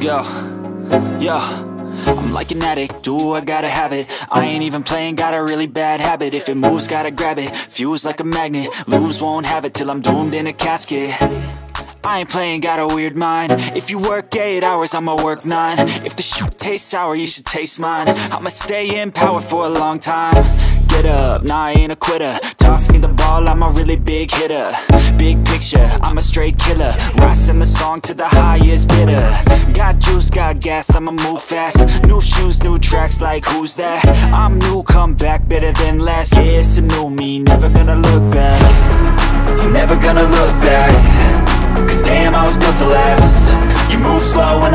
go yo, I'm like an addict, do I gotta have it I ain't even playing, got a really bad habit If it moves, gotta grab it, fuse like a magnet Lose, won't have it till I'm doomed in a casket I ain't playing, got a weird mind If you work 8 hours, I'ma work 9 If the shoot tastes sour, you should taste mine I'ma stay in power for a long time Get up, nah I ain't a quitter Toss me the ball, I'm a really big hitter Big picture, I'm a straight killer Rising the song to the highest bidder Got juice, got gas, I'ma move fast New shoes, new tracks, like who's that? I'm new, come back, better than last Yeah, it's a new me, never gonna look back I'm never gonna look back Cause damn, I was built to last You move slow